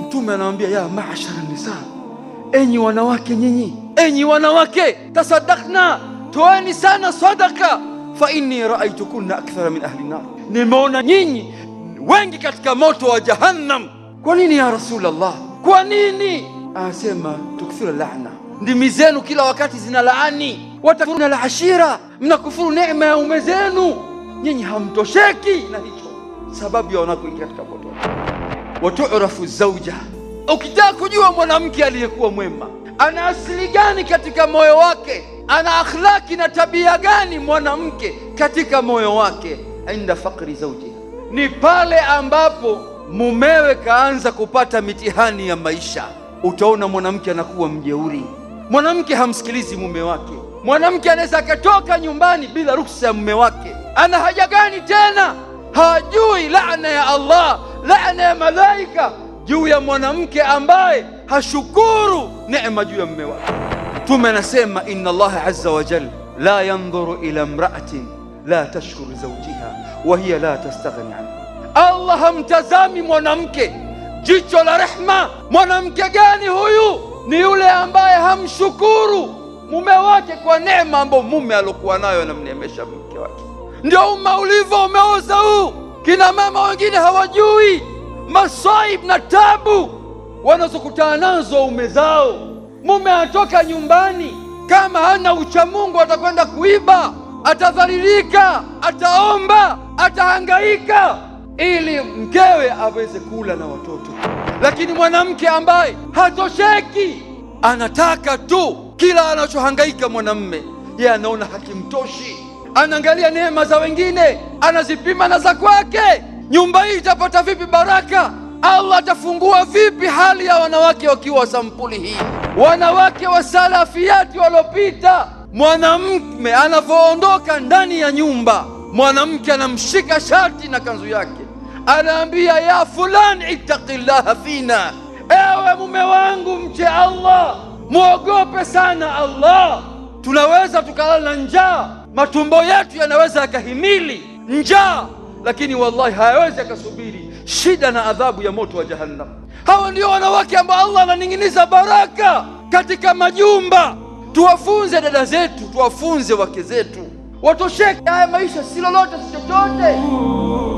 Mtume anawaambia ya mashara nisa, enyi wanawake nyinyi, enyi wanawake, tasadakna, toeni sana sadaka, fa inni raaitukunna akthara min ahli nar, nimeona nyinyi wengi katika moto wa Jahannam. Kwa nini ya Rasulullah? Kwa nini? Anasema tukthira laana, ndimi zenu kila wakati zina laani, watakfuruna la ashira, mnakufuru neema ya ume zenu, nyinyi hamtosheki na hicho sababu ya wanakoingia katika potofu. Watuurafu zauja, ukitaka kujua mwanamke aliyekuwa mwema ana asili gani katika moyo wake, ana akhlaki na tabia gani mwanamke katika moyo wake, inda fakri zauji, ni pale ambapo mumewe kaanza kupata mitihani ya maisha. Utaona mwanamke anakuwa mjeuri, mwanamke hamsikilizi mume wake, mwanamke anaweza akatoka nyumbani bila ruhusa ya mume wake. Ana haja gani tena hajui laana ya Allah, laana ya malaika juu ya mwanamke ambaye hashukuru neema juu ya mume wake. Mtume anasema inna Allah azza wa jalla la yandhuru ila imra'atin la tashkuru zawjiha wa hiya la tastaghni anhu, Allah hamtazami mwanamke jicho la rehma. Mwanamke gani huyu? Ni yule ambaye hamshukuru mume wake kwa neema ambayo mume aliokuwa nayo anamneemesha mke wake. Ndio umma ulivyo, umeoza huu. Kina mama wengine hawajui maswaib na tabu wanazokutana nazo ume zao. Mume atoka nyumbani, kama hana uchamungu atakwenda kuiba, atadhalilika, ataomba, atahangaika ili mkewe aweze kula na watoto. Lakini mwanamke ambaye hatosheki, anataka tu kila anachohangaika mwanamme, yeye anaona hakimtoshi anaangalia neema za wengine, anazipima na za kwake. Nyumba hii itapata vipi baraka? Allah atafungua vipi hali ya wanawake wakiwa sampuli hii, wanawake wa salafiyati waliopita. mwanamme anavyoondoka ndani ya nyumba, mwanamke anamshika shati na kanzu yake, anaambia ya fulani ittaqillaha fina, ewe mume wangu mche Allah, mwogope sana Allah. Tunaweza tukalala njaa matumbo yetu yanaweza yakahimili njaa, lakini wallahi hayawezi yakasubiri shida na adhabu ya moto wa Jahannam. Hawa ndio wanawake ambao Allah ananing'iniza baraka katika majumba. Tuwafunze dada zetu, tuwafunze wake zetu, watosheke haya maisha, si lolote si chochote.